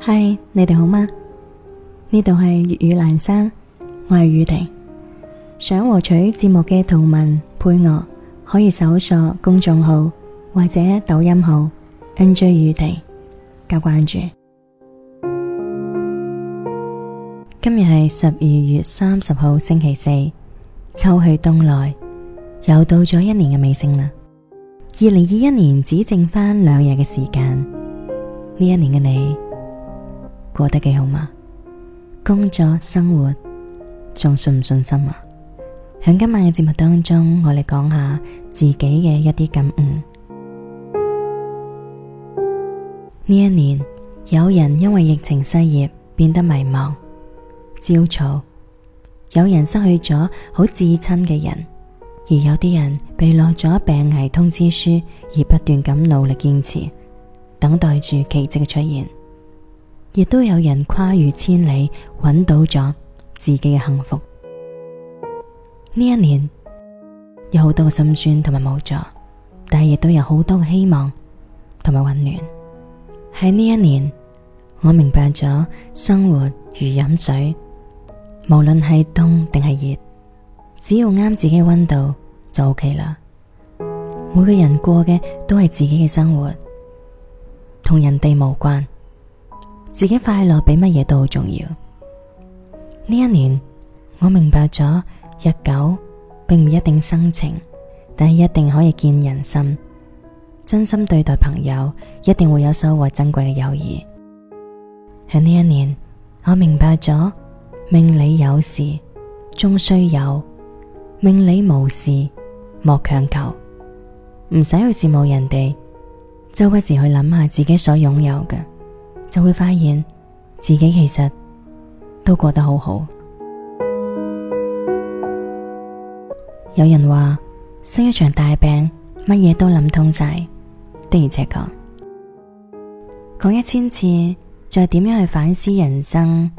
嗨，Hi, 你哋好嗎？呢度係粵語闌珊，我係宇婷。想獲取節目嘅圖文配樂，可以搜索公眾號或者抖音號 NJ 宇婷加關注。今日係十二月三十號，星期四，秋去冬來，又到咗一年嘅尾聲啦。二零二一年只剩翻兩日嘅時間，呢一年嘅你，過得幾好嗎？工作生活仲順唔順心啊？響今晚嘅節目當中，我哋講下自己嘅一啲感悟。呢 一年，有人因為疫情失業，變得迷茫、焦躁；有人失去咗好至親嘅人，而有啲人被落咗病危通知書，而不斷咁努力堅持，等待住奇蹟嘅出現。亦都有人跨越千里揾到咗自己嘅幸福。呢一年有好多嘅心酸同埋無助，但係亦都有好多嘅希望同埋溫暖。喺呢一年，我明白咗生活如飲水，無論係凍定係熱，只要啱自己嘅溫度就 ok 啦。每個人過嘅都係自己嘅生活，同人哋無關。自己快樂比乜嘢都好重要。呢一年我明白咗日久並唔一定生情，但係一定可以見人心。真心對待朋友，一定會有收穫珍貴嘅友誼。喺呢一年我明白咗命裏有時終須有，命裏無事莫強求。唔使去羨慕人哋，周不時去諗下自己所擁有嘅，就會發現自己其實都過得好好。有人話生一場大病，乜嘢都諗通晒。的而且確，講一千次，再點樣去反思人生，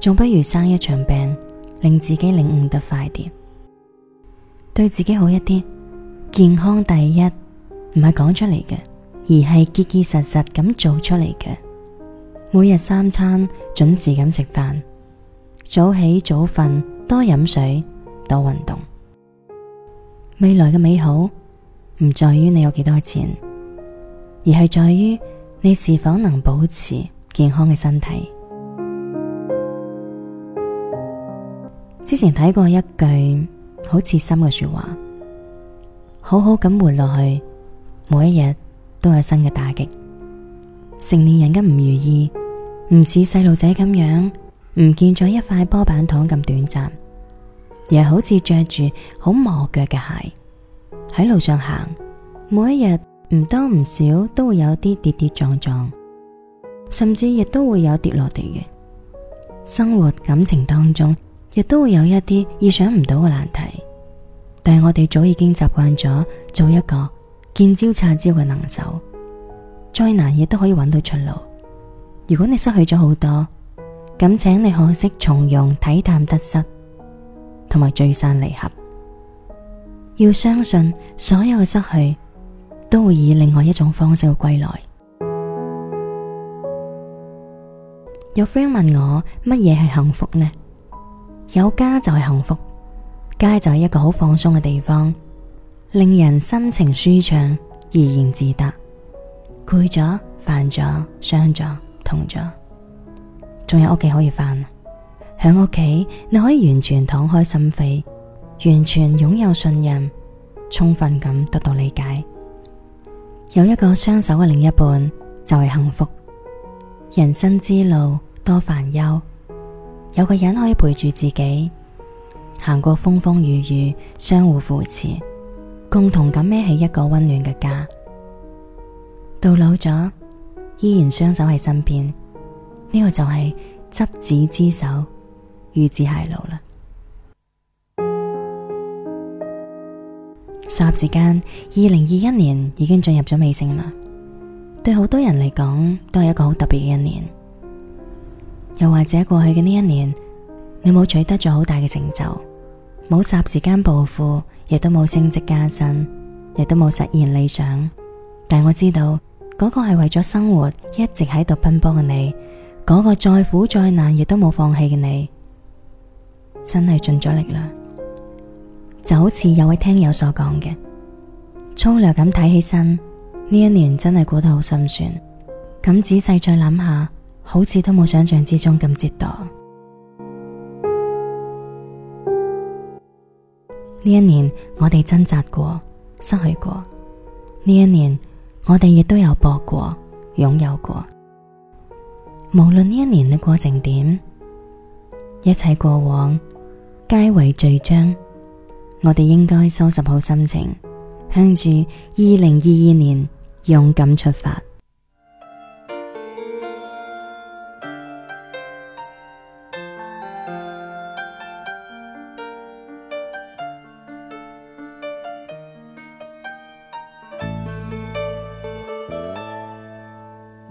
仲不如生一場病，令自己領悟得快啲，對自己好一啲。健康第一，唔係講出嚟嘅，而係結結實實咁做出嚟嘅。每日三餐準時咁食飯，早起早瞓，多飲水，多運動。未來嘅美好唔在於你有幾多錢，而係在於你是否能保持健康嘅身體。之前睇過一句好切心嘅說話：好好咁活落去，每一日都有新嘅打擊。成年人嘅唔如意。唔似細路仔咁樣，唔見咗一塊波板糖咁短暫，而係好似着住好磨腳嘅鞋喺路上行。每一日唔多唔少，都會有啲跌跌撞撞，甚至亦都會有跌落地嘅。生活感情當中，亦都會有一啲意想唔到嘅難題。但係我哋早已經習慣咗做一個見招拆招嘅能手，再難亦都可以揾到出路。如果你失去咗好多，咁請你學識從容體淡得失，同埋聚散離合。要相信所有嘅失去都會以另外一種方式嘅歸來。 有 friend 問我乜嘢係幸福呢？有家就係幸福，家就係一個好放鬆嘅地方，令人心情舒暢，怡然自得。攰咗、煩咗、傷咗。同咗，仲有屋企可以返。響屋企，你可以完全敞開心扉，完全擁有信任，充分咁得到理解。有一個雙手嘅另一半就係幸福。人生之路多煩憂，有個人可以陪住自己，行過風風雨雨，相互扶持，共同咁孭起一個溫暖嘅家。到老咗。依然雙手喺身邊，呢、這個就係、是、執子之手，與子偕老啦。霎 時間，二零二一年已經進入咗尾聲啦。對好多人嚟講，都係一個好特別嘅一年。又或者過去嘅呢一年，你冇取得咗好大嘅成就，冇霎時間暴富，亦都冇升職加薪，亦都冇實現理想。但我知道。嗰個係為咗生活一直喺度奔波嘅你，嗰、嗰個再苦再難亦都冇放棄嘅你，真係盡咗力啦。就好似有位聽友所講嘅，粗略咁睇起身，呢一年真係過得好心酸。咁仔細再諗下，好似都冇想象之中咁折墮。呢一年我哋掙扎過，失去過。呢一年。我哋亦都有搏過，擁有過。無論呢一年嘅過程點，一切過往皆為序章。我哋應該收拾好心情，向住二零二二年勇敢出發。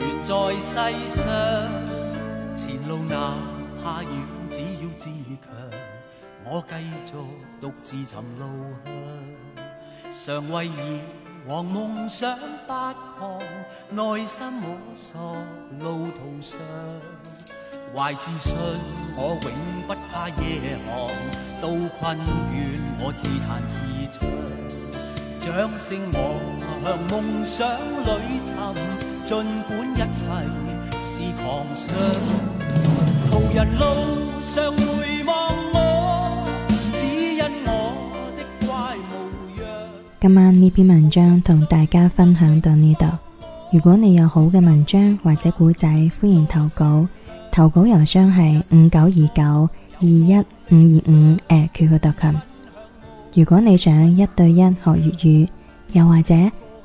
願在世上，前路哪怕遠，只要自強。我繼續獨自尋路向。常為遙望夢想不降，內心摸索路途上。懷自信，我永不怕夜航。到困倦，我自彈自唱。掌聲望向夢想裏尋。盡管一切是狂想，途人路上回望我，只因我嘅怪模樣。今晚呢篇文章同大家分享到呢度。如果你有好嘅文章或者古仔，歡迎投稿。投稿郵箱係五九二九二一五二五。誒，QQ 特群。如果你想一對一學粵語，又或者